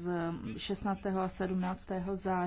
z 16. a 17. září.